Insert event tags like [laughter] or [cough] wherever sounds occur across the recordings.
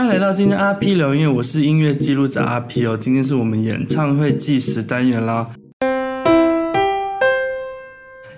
歡迎來到今天阿 P 流行音樂，我是音樂記錄者阿 P 哦。今天是我們演唱會計時單元啦。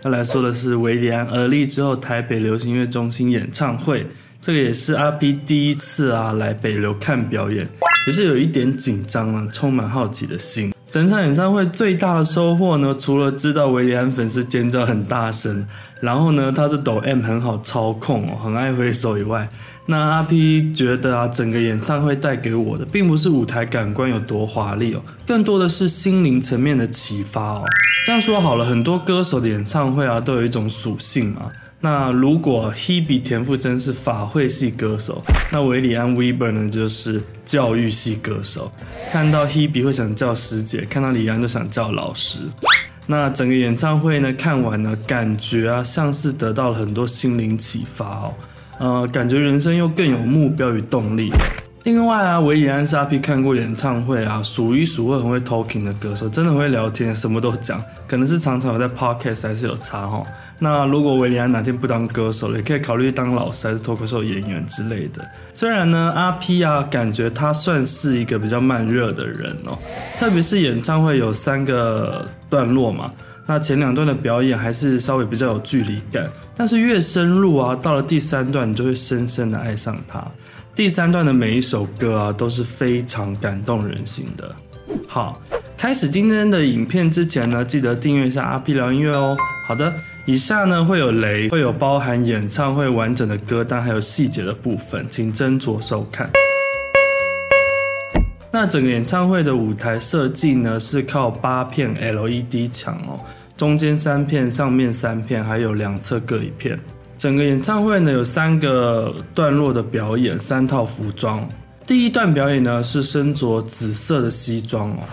要來說的是韋禮安而立之後台北流行音樂中心演唱會，這個也是阿 P 第一次啊來北流看表演，也是有一點緊張啊，充滿好奇的心。整場演唱會最大的收穫呢，除了知道韋禮安粉絲尖叫很大聲，然後呢，他是抖 M 很好操控哦，很愛揮手以外，那阿 P 覺得啊，整個演唱會帶給我的，並不是舞台感官有多華麗哦，更多的是心靈層面的啟發哦。這樣說好了，很多歌手的演唱會啊，都有一種屬性嘛。那如果 Hebe 田馥甄是法會系歌手，那韋禮安 Weber 呢就是教育系歌手，看到 Hebe 會想叫師姐，看到禮安就想叫老師。那整個演唱會呢看完呢，感覺啊像是得到了很多心靈啟發哦，呃，感覺人生又更有目標與動力。另外啊，韋禮安是阿 P 看過演唱會啊，數一數二很會 talking 的歌手，真的很會聊天，什麼都講。可能是常常有在 podcast，還是有差哈、哦。那如果韋禮安哪天不當歌手了，也可以考慮當老師，還是脫口秀演員之類的。雖然呢，阿 P 啊感覺他算是一個比較慢熱的人哦，特別是演唱會有三個段落嘛，那前兩段的表演還是稍微比較有距離感，但是越深入啊，到了第三段，你就會深深的愛上他。第三段的每一首歌啊，都是非常感動人心的。好，開始今天的影片之前呢，記得訂閱一下阿 P 聊音樂哦，好的，以下呢會有雷，會有包含演唱會完整的歌單，還有細節的部分，請斟酌收看。那整個演唱會的舞台設計呢，是靠八片 LED 牆哦，中間三片，上面三片，還有兩側各一片。整個演唱會呢有三個段落的表演，三套服裝。第一段表演呢是身着紫色的西裝哦。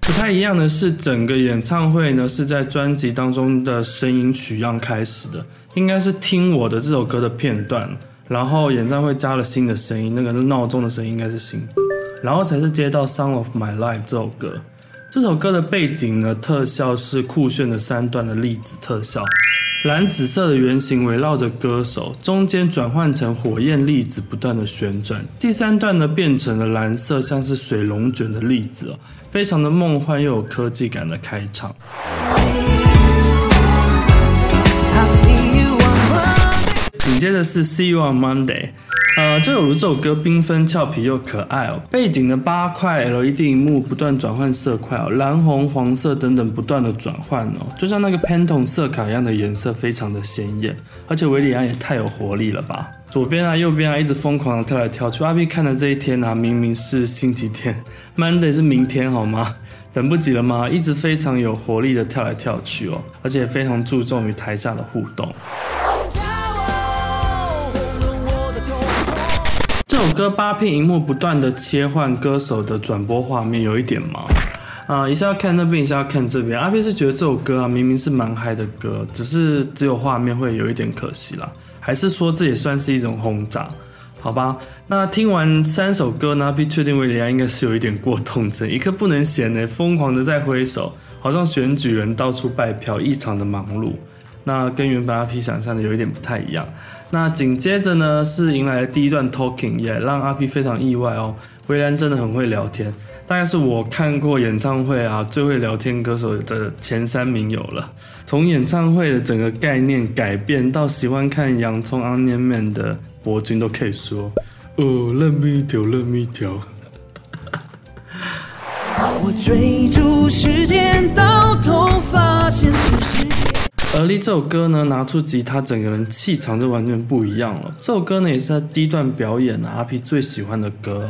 不太一樣的是，整個演唱會呢是在專輯當中的聲音取樣開始的，應該是聽我的這首歌的片段，然後演唱會加了新的聲音，那個是鬧鐘的聲音，應該是新的，然後才是接到《Song of My Life》這首歌。這首歌的背景呢，特效是酷炫的三段的粒子特效，藍紫色的圓形圍繞着歌手，中間轉換成火焰粒子不斷的旋轉，第三段呢變成了藍色，像是水龍卷的粒子哦，非常的夢幻又有科技感的開場。緊接着是 See You on Monday，呃，就有如這首歌繽紛、俏皮又可愛哦、喔。背景的八塊 LED 影幕不斷轉換色塊哦、喔，藍、紅、黃色等等不斷的轉換哦，就像那個 Pantone 色卡一樣的顏色，非常的鮮豔。而且維里安也太有活力了吧！左邊啊，右邊啊，一直瘋狂的跳來跳去。阿 B 看的這一天啊，明明是星期天，Monday 是明天好嗎？等不及了嗎？一直非常有活力的跳來跳去哦、喔，而且也非常注重與台下的互動。首歌八片熒幕不斷的切換歌手的轉播畫面，有一點忙啊，一下要看那邊，一下要看這邊。阿 P 是覺得這首歌啊，明明是蠻嗨的歌，只是只有畫面會有一點可惜啦，還是說這也算是一種轟炸？好吧，那聽完三首歌呢，阿 P 確定韋禮安應該是有一點過動症，一刻不能閒呢，瘋狂的在揮手，好像選舉人到處拜票，異常的忙碌。那跟原本阿 P 想象的有一點不太一樣。那緊接着呢是迎來了第一段 talking，也讓阿 P 非常意外哦，韋禮安真的很會聊天，大概是我看過演唱會啊最會聊天歌手的前三名有了。從演唱會的整個概念改變到喜歡看洋蔥 onion man 的博君都可以說，哦、oh，爛命一條，爛命一條。而立這首歌呢，拿出吉他，整個人氣場就完全不一樣了。這首歌呢，也是在低段表演的、啊、阿 P 最喜歡的歌。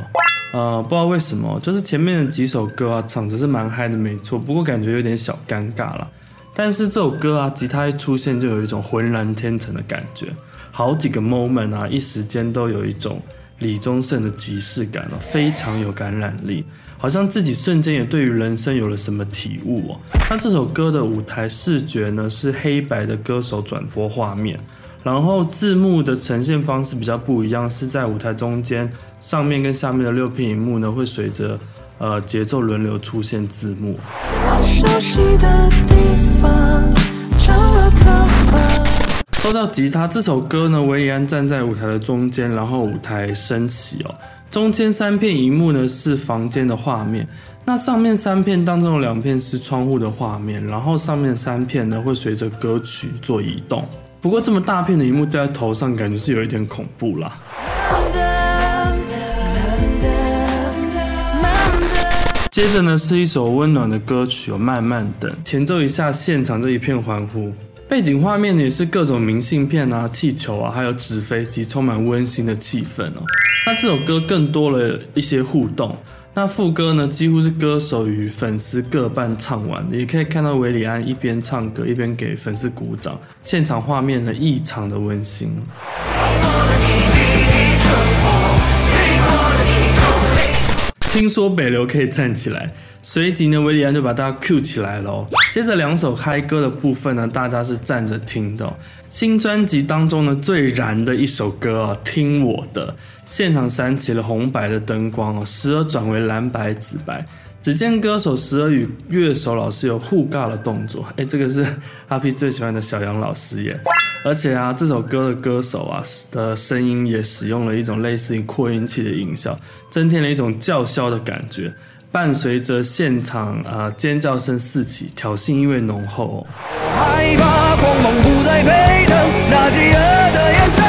呃，不知道為什麼，就是前面的幾首歌啊，唱著是蠻嗨的，沒錯，不過感覺有點小尷尬了。但是這首歌啊，吉他一出現，就有一種渾然天成的感覺。好幾個 moment 啊，一時間都有一種。李宗盛的即視感非常有感染力，好像自己瞬間也對於人生有了什麼體悟哦、啊。那這首歌的舞台視覺呢，是黑白的歌手轉播畫面，然後字幕的呈現方式比較不一樣，是在舞台中間上面跟下面的六片熒幕呢，會隨着呃節奏輪流出現字幕。嗯說到吉他這首歌呢，韋禮安站在舞台的中間，然後舞台升起哦、喔。中間三片熒幕呢是房間的畫面，那上面三片當中有兩片是窗戶的畫面，然後上面三片呢會隨着歌曲做移動。不過這麼大片的熒幕戴在頭上，感覺是有一點恐怖啦。接着呢是一首溫暖的歌曲哦、喔，慢慢等。前奏一下，現場就一片歡呼。背景畫面也是各種明信片啊、氣球啊，還有紙飛機，充滿溫馨的氣氛哦、喔。那這首歌更多了一些互動，那副歌呢，幾乎是歌手與粉絲各半唱完。也可以看到韋禮安一邊唱歌一邊給粉絲鼓掌，現場畫面呢異常的溫馨。聽說北流可以站起來。隨即呢，韋禮安就把大家 cue 起來了、哦。接着兩首嗨歌的部分呢，大家是站着聽的、哦。新專輯當中呢，最燃的一首歌啊、哦，《聽我的》。現場閃起了紅白的燈光哦，時而轉為藍白、紫白。只見歌手時而與樂手老師有互尬的動作。哎，這個是阿 P 最喜歡的小楊老師耶。而且啊，這首歌的歌手啊的聲音也使用了一種類似於擴音器的音效，增添了一種叫囂的感覺。伴隨着現場啊、呃，尖叫聲四起，挑釁意味濃厚、哦。害怕光芒不再沸騰，那飢餓的眼神。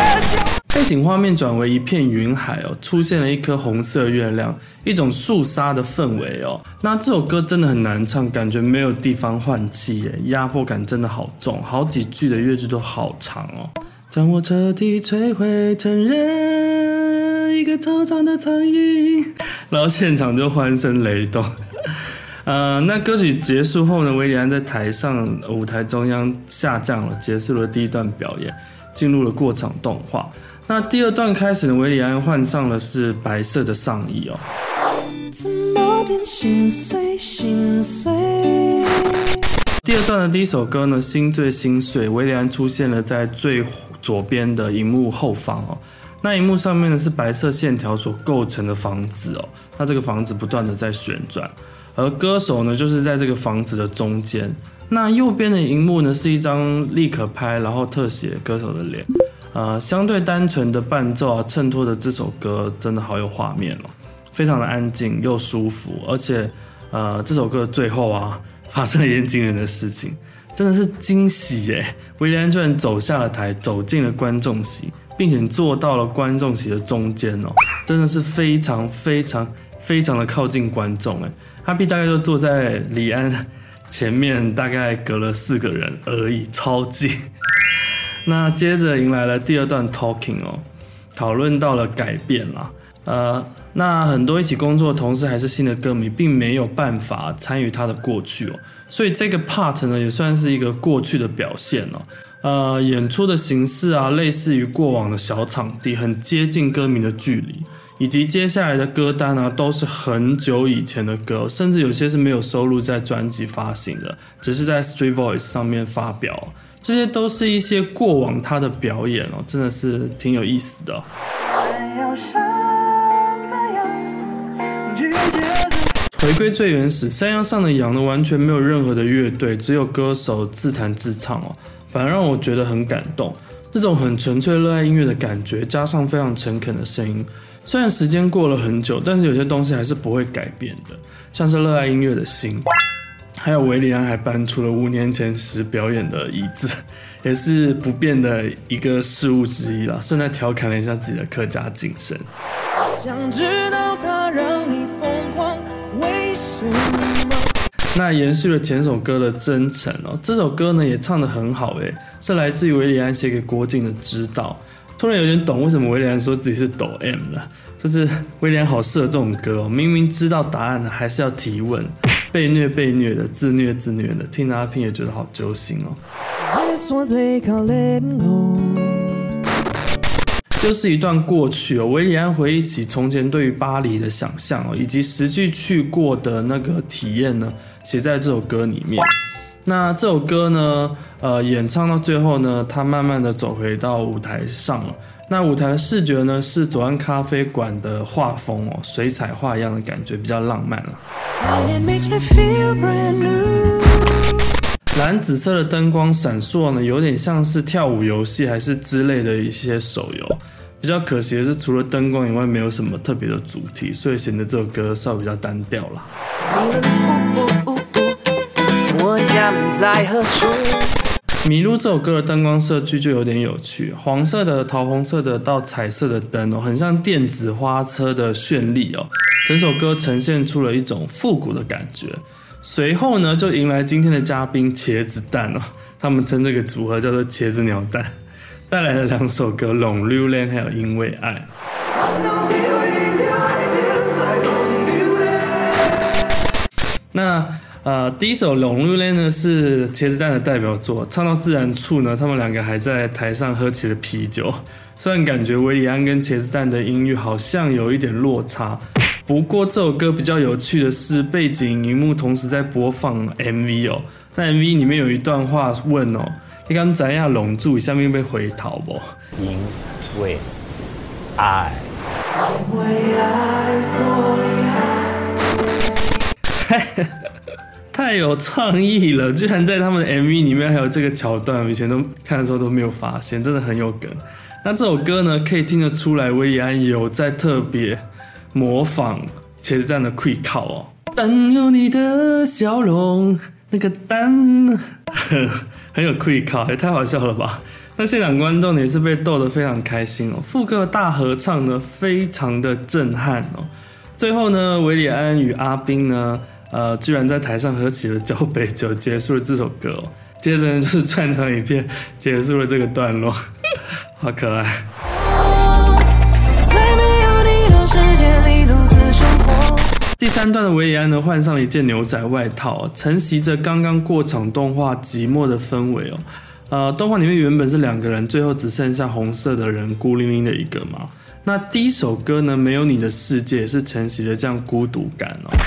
背景畫面轉為一片雲海哦，出現了一顆紅色月亮，一種肅殺的氛圍哦。那這首歌真的很難唱，感覺沒有地方換氣耶，壓迫感真的好重，好幾句的樂句都好長哦。將我徹底摧毀，承認。一個頭上的然後現場就歡聲雷動，呃，那歌曲結束後呢，韋禮安在台上舞台中央下降了，結束了第一段表演，進入了過場動畫。那第二段開始呢，韋禮安換上的是白色的上衣哦。怎麼變心碎心碎碎，第二段的第一首歌呢，《心醉心碎》，韋禮安出現了在最左邊的熒幕後方哦。那一幕上面的是白色線條所構成的房子哦，那這個房子不斷的在旋轉，而歌手呢就是在這個房子的中間。那右邊的熒幕呢是一張立可拍，然後特寫歌手的臉。呃，相對單純的伴奏啊，襯托的這首歌真的好有畫面哦，非常的安靜又舒服，而且呃，這首歌的最後啊發生了一件驚人的事情，真的是驚喜耶！韋禮安居然走下了臺，走進了觀眾席。並且坐到了觀眾席的中間哦，真的是非常非常非常的靠近觀眾哎，哈皮大概就坐在禮安前面，大概隔了四個人而已，超近。 [laughs] 那接着迎來了第二段 talking 哦，討論到了改變啦，呃，那很多一起工作的同事還是新的歌迷，並沒有辦法參與他的過去哦，所以這個 part 呢也算是一個過去的表現哦。呃，演出的形式啊，類似於過往的小場地，很接近歌迷的距離，以及接下來的歌單呢，啊，都是很久以前的歌，甚至有些是沒有收錄在專輯發行的，只是在 Street Voice 上面發表。這些都是一些過往他的表演哦，真的是挺有意思的。的拒絕回歸最原始，山羊上的羊呢，完全沒有任何的樂隊，只有歌手自彈自唱哦。反而讓我覺得很感動，這種很純粹熱愛音樂的感覺，加上非常誠懇的聲音。雖然時間過了很久，但是有些東西還是不會改變的，像是熱愛音樂的心。還有韋禮安還搬出了五年前時表演的椅子，也是不變的一個事物之一啦。順帶調侃了一下自己的客家精神。那延續了前首歌的真誠哦，這首歌呢也唱得很好哎，是來自於韋禮安寫給郭靜的《知道》，突然有點懂為什麼韋禮安說自己是抖 M 了，就是韋禮安好適合這種歌哦，明明知道答案還是要提問，被虐被虐的，自虐自虐的，聽着阿平也覺得好揪心哦。 [noise] 就是一段過去、哦、我依然回憶起從前對於巴黎的想象、哦、以及實際去過的那個體驗呢，寫在這首歌裡面。哇那這首歌呢、呃，演唱到最後呢，他慢慢的走回到舞台上了。那舞台的視覺呢，是左岸咖啡館的畫風哦，水彩畫一樣的感覺，比較浪漫了。藍紫色的燈光閃爍呢，有點像是跳舞遊戲還是之類的一些手遊。比較可惜的是，除了燈光以外，沒有什麼特別的主題，所以顯得這首歌稍微比較單調了。《迷路》這首歌的燈光設計就有點有趣，黃色的、桃紅色的到彩色的燈哦、喔，很像電子花車的絢麗哦。整首歌呈現出了一種復古的感覺。隨後呢，就迎來今天的嘉賓茄子蛋哦、喔，他們稱這個組合叫做茄子鳥蛋，帶來了兩首歌《浪流連》還有《因為愛》。L l 愛那。呃，第一首《浪流連》呢是茄子蛋的代表作，唱到自然處呢，他們兩個還在台上喝起了啤酒。雖然感覺韋禮安跟茄子蛋的音域好像有一點落差，不過這首歌比較有趣的是，背景熒幕同時在播放 MV 哦、喔。那 MV 裡面有一段話問哦、喔：“你敢一樣容住下面被回頭不？”因為愛，因為愛，所以愛。太有創意了，居然在他們的 MV 裡面還有這個橋段，我以前都看的時候都沒有發現，真的很有梗。那這首歌呢，可以聽得出來，韋禮安有在特別。模仿茄子蛋的 quick a 跪烤哦，但有你的笑容，那個但，呵， [laughs] 很有 quick a 跪烤，也、欸、太好笑了吧？那現場觀眾也是被逗得非常開心哦。副歌的大合唱呢，非常的震撼哦。最後呢，韋禮安與阿斌呢，呃，居然在台上喝起了交杯酒，結束了這首歌哦。接着呢，就是串場影片，結束了這個段落，好可愛。第三段的韋禮安呢，換上了一件牛仔外套，承襲着剛剛過場動畫寂寞的氛圍哦、喔。呃，動畫裡面原本是兩個人，最後只剩下紅色的人孤零零的一個嘛。那第一首歌呢，沒有你的世界是承襲著這樣孤獨感哦、喔。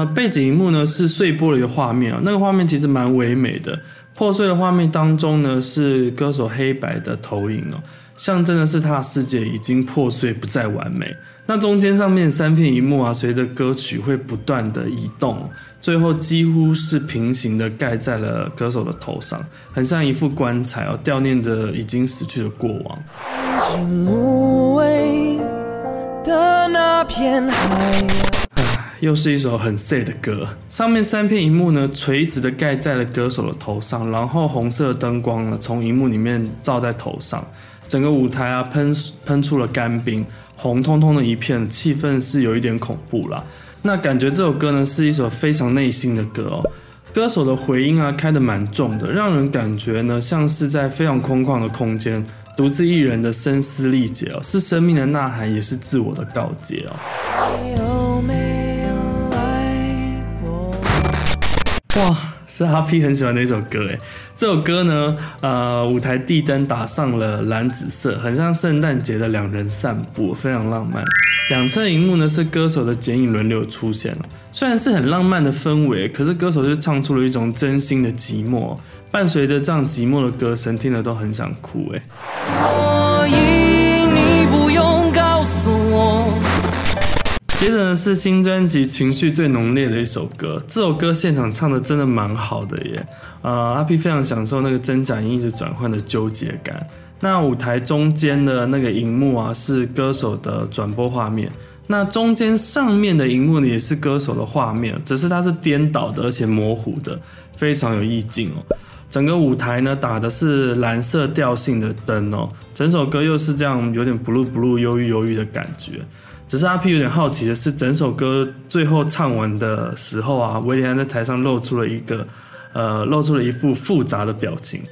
呃，背景螢幕呢是碎玻璃的畫面啊、喔，那個畫面其實蠻唯美的，破碎的畫面當中呢是歌手黑白的投影哦、喔。象徵的是他的世界已經破碎，不再完美。那中間上面三片熒幕啊，隨着歌曲會不斷地移動，最後幾乎是平行的蓋在了歌手的頭上，很像一副棺材哦，悼念着已經死去的過往。曾經無畏的那片海。啊，又是一首很 sad 的歌。上面三片熒幕呢，垂直的蓋在了歌手的頭上，然後紅色燈光呢，從熒幕裡面照在頭上。整個舞台啊，噴噴出了乾冰，紅彤彤的一片，氣氛是有一點恐怖啦。那感覺這首歌呢，是一首非常內心的歌哦。歌手的回音啊，開得蠻重的，讓人感覺呢，像是在非常空曠的空間，獨自一人的聲嘶力竭哦，是生命的吶喊，也是自我的告誡哦。哇！是阿 P 很喜歡的一首歌哎，這首歌呢，呃，舞台地燈打上了藍紫色，很像聖誕節的兩人散步，非常浪漫。兩側熒幕呢是歌手的剪影輪流出現。雖然是很浪漫的氛圍，可是歌手卻唱出了一種真心的寂寞。伴隨着這樣寂寞的歌聲，聽了都很想哭哎。所以你不接着呢是新專輯情緒最濃烈的一首歌，這首歌現場唱得真的蠻好的耶。啊、呃，阿 P 非常享受那個真假音一直轉換的糾結感。那舞台中間的那個熒幕啊，是歌手的轉播畫面。那中間上面的熒幕呢，也是歌手的畫面，只是它是顛倒的，而且模糊的，非常有意境哦、喔。整個舞台呢打的是藍色調性的燈哦、喔，整首歌又是這樣有點 blue blue 憂鬱憂鬱的感覺。只是阿 P 有點好奇的是，整首歌最後唱完的時候啊，韋禮安在台上露出了一個，呃，露出了一副複雜的表情，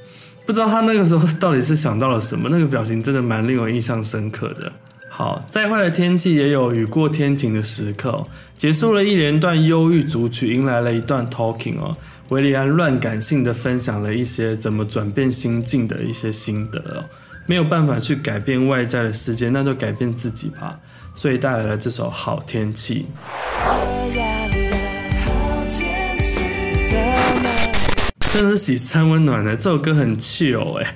不知道他那個時候到底是想到了什麼，那個表情真的蠻令我印象深刻的。好，再壞的天氣也有雨過天晴的時刻哦。結束了一連段憂鬱組曲，迎來了一段 Talking 哦，韋禮安亂感性的分享了一些怎麼轉變心境的一些心得哦，沒有辦法去改變外在的世界，那就改變自己吧。所以帶來了這首《好天氣》，這樣的好天氣，怎麼樣？真的是十分溫暖的。這首歌很 chill 哦，欸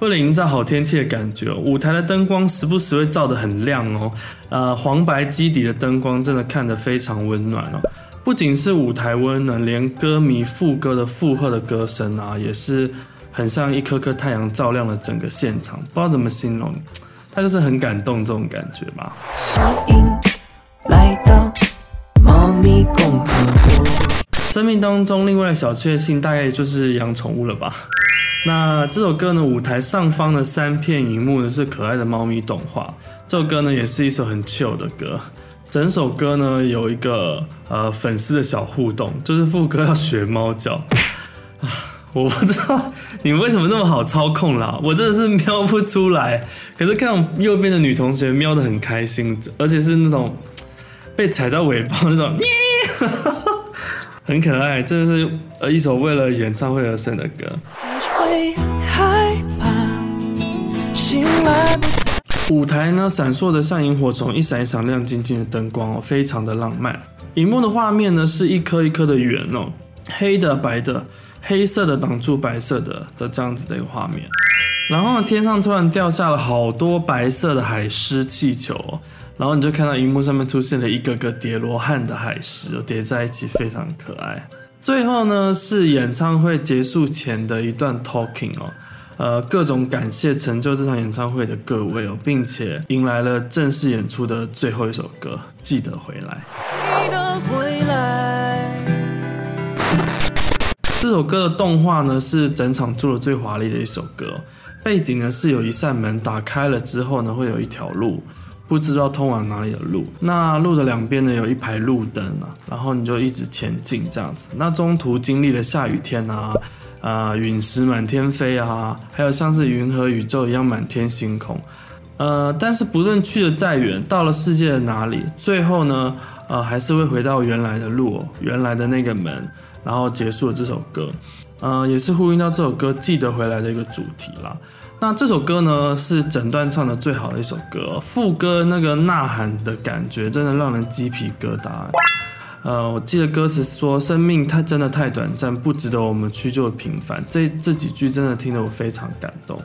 為了營造好天氣的感覺，舞台的燈光時不時會照得很亮哦。呃，黃白基底的燈光真的看得非常溫暖哦。不僅是舞台溫暖，連歌迷副歌的附和的歌聲啊，也是很像一顆顆太陽照亮了整個現場，不知道怎麼形容。就是很感動這種感覺吧。歡迎來到貓咪共和國。生命當中另外的小確幸大概就是養寵物了吧。那這首歌呢，舞台上方的三片熒幕呢是可愛的貓咪動畫。這首歌呢也是一首很 chill 的歌。整首歌呢有一個呃粉絲的小互動，就是副歌要學貓叫。我不知道你們為什麼那麼好操控啦，我真的是瞄不出來。可是看右邊的女同學瞄得很開心，而且是那種被踩到尾巴那種捏， [laughs] 很可愛。這是呃一首為了演唱會而生的歌。舞台呢，閃爍的像螢火蟲，一閃一閃亮晶晶的燈光哦，非常的浪漫。熒幕的畫面呢是一顆一顆的圓哦，黑的白的，黑色的擋住白色的的這樣子的一個畫面，然後呢，天上突然掉下了好多白色的海獅氣球哦，然後你就看到熒幕上面出現了一個個疊羅漢的海獅哦，疊在一起非常可愛。最後呢，是演唱會結束前的一段 talking 哦，呃，各種感謝成就這場演唱會的各位哦，並且迎來了正式演出的最後一首歌，記得回來。記得回。這首歌的動畫呢，是整場做的最華麗的一首歌。背景呢是有一扇門打開了之後呢，會有一條路，不知道通往哪裡的路。那路的兩邊呢，有一排路燈啊，然後你就一直前進這樣子。那中途經歷了下雨天啊，啊、呃，隕石滿天飛啊，還有像是雲和宇宙一樣滿天星空。呃，但是不論去的再遠，到了世界的哪裡，最後呢，呃，還是會回到原來的路，原來的那個門。然後結束了這首歌，呃，也是呼應到這首歌“記得回來”的一個主題啦。那這首歌呢，是整段唱的最好的一首歌哦。副歌那個吶喊的感覺，真的讓人雞皮疙瘩。呃，我記得歌詞說：“生命它真的太短暫，不值得我們去做平凡。”這這幾句真的聽得我非常感動。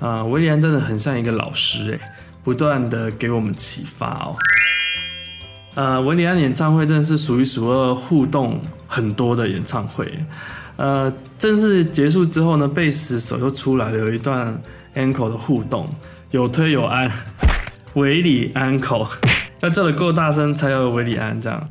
啊，呃，韋禮安真的很像一個老師誒，不斷的給我們啟發哦。呃，韋禮安演唱會真的是數一數二互動。很多的演唱會，呃，正式結束之後呢，貝斯手就出來了，有一段安可的互動，有推有按，韋禮安安可，要叫得夠大聲才有韋禮安這樣。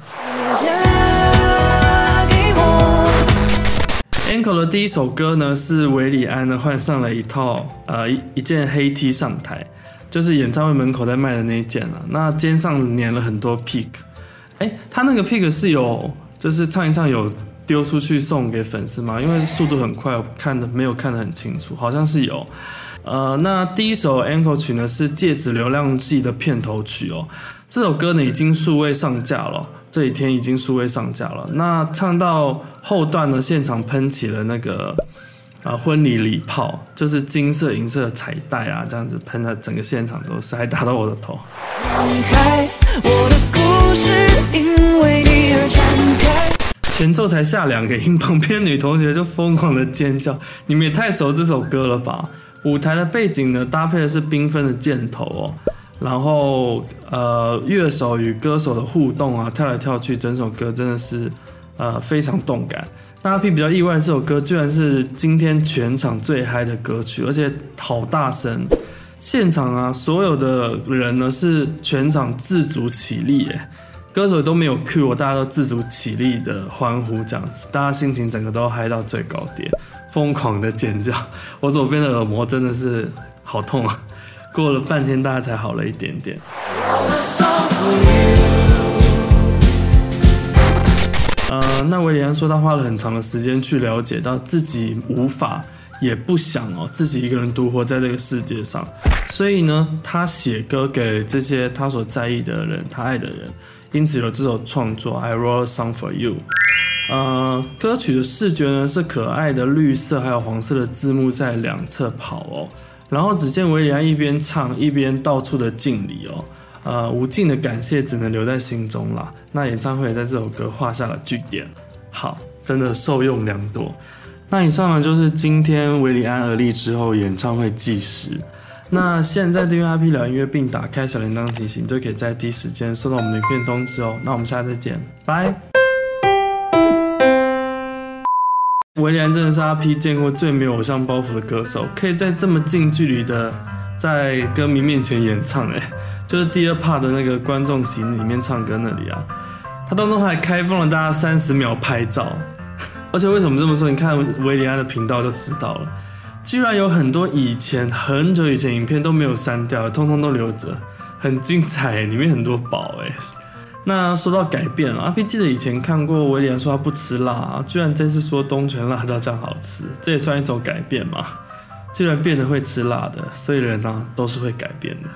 安可的第一首歌呢，是韋禮安呢換上了一套呃一一件黑 T 上台，就是演唱會門口在賣的那一件了啊，那肩上粘了很多 pick，哎，他那個 pick 是有。就是唱一唱有丟出去送給粉絲嗎？因為速度很快，我看的沒有看得很清楚，好像是有。呃，那第一首安可曲呢是《戒指流浪記》的片頭曲哦。這首歌呢已經數位上架了，這幾天已經數位上架了。那唱到後段呢，現場噴起了那個啊婚禮禮炮，就是金色、銀色的彩帶啊，這樣子噴在整個現場都是，還打到我的頭。開我的故事，因為你而展開前奏才下兩個音，旁邊女同學就瘋狂的尖叫。你們也太熟這首歌了吧？舞台的背景呢，搭配的是繽紛的箭頭哦、喔。然後呃，樂手與歌手的互動啊，跳來跳去，整首歌真的是呃非常動感。大家比，比較意外，這首歌居然是今天全場最嗨的歌曲，而且好大聲！現場啊，所有的人呢是全場自主起立耶。歌手都沒有 Q 我，大家都自主起立的歡呼，這樣子，大家心情整個都嗨到最高點，瘋狂的尖叫，我左邊的耳膜真的是好痛啊！過了半天，大家才好了一點點。呃，那韋禮安說他花了很長的時間去了解到自己無法也不想哦，自己一個人獨活在這個世界上，所以呢，他寫歌給這些他所在意的人，他愛的人。因此有這首創作《I wrote a song for you》。呃，歌曲的視覺呢是可愛的綠色，還有黃色的字幕在兩側跑哦。然後只見韋禮安一邊唱一邊到處的敬禮哦。呃，無盡的感謝只能留在心中啦。那演唱會也在這首歌畫下了句點。好，真的受用良多。那以上呢就是今天韋禮安而立之後演唱會紀實。那現在訂閱阿 P 聊音樂，並打開小鈴鐺提醒，就可以在第一時間收到我們的影片通知哦。那我們下次再見，拜拜。韋禮安真的是阿 P 見過最沒有偶像包袱的歌手，可以在這麼近距離的在歌迷面前演唱，哎，就是第二 part 的那個觀眾席裡面唱歌那裡啊。他當中還開放了大家三十秒拍照，而且為什麼這麼說？你看韋禮安的頻道就知道了。居然有很多以前，很久以前影片都沒有刪掉，通通都留着，很精彩，裡面很多寶哎。那說到改變，阿 P 記得以前看過韋禮安說他不吃辣，啊，居然這次說東泉辣椒醬好吃，這也算一種改變嘛？居然變得會吃辣的，所以人呢、啊、都是會改變的。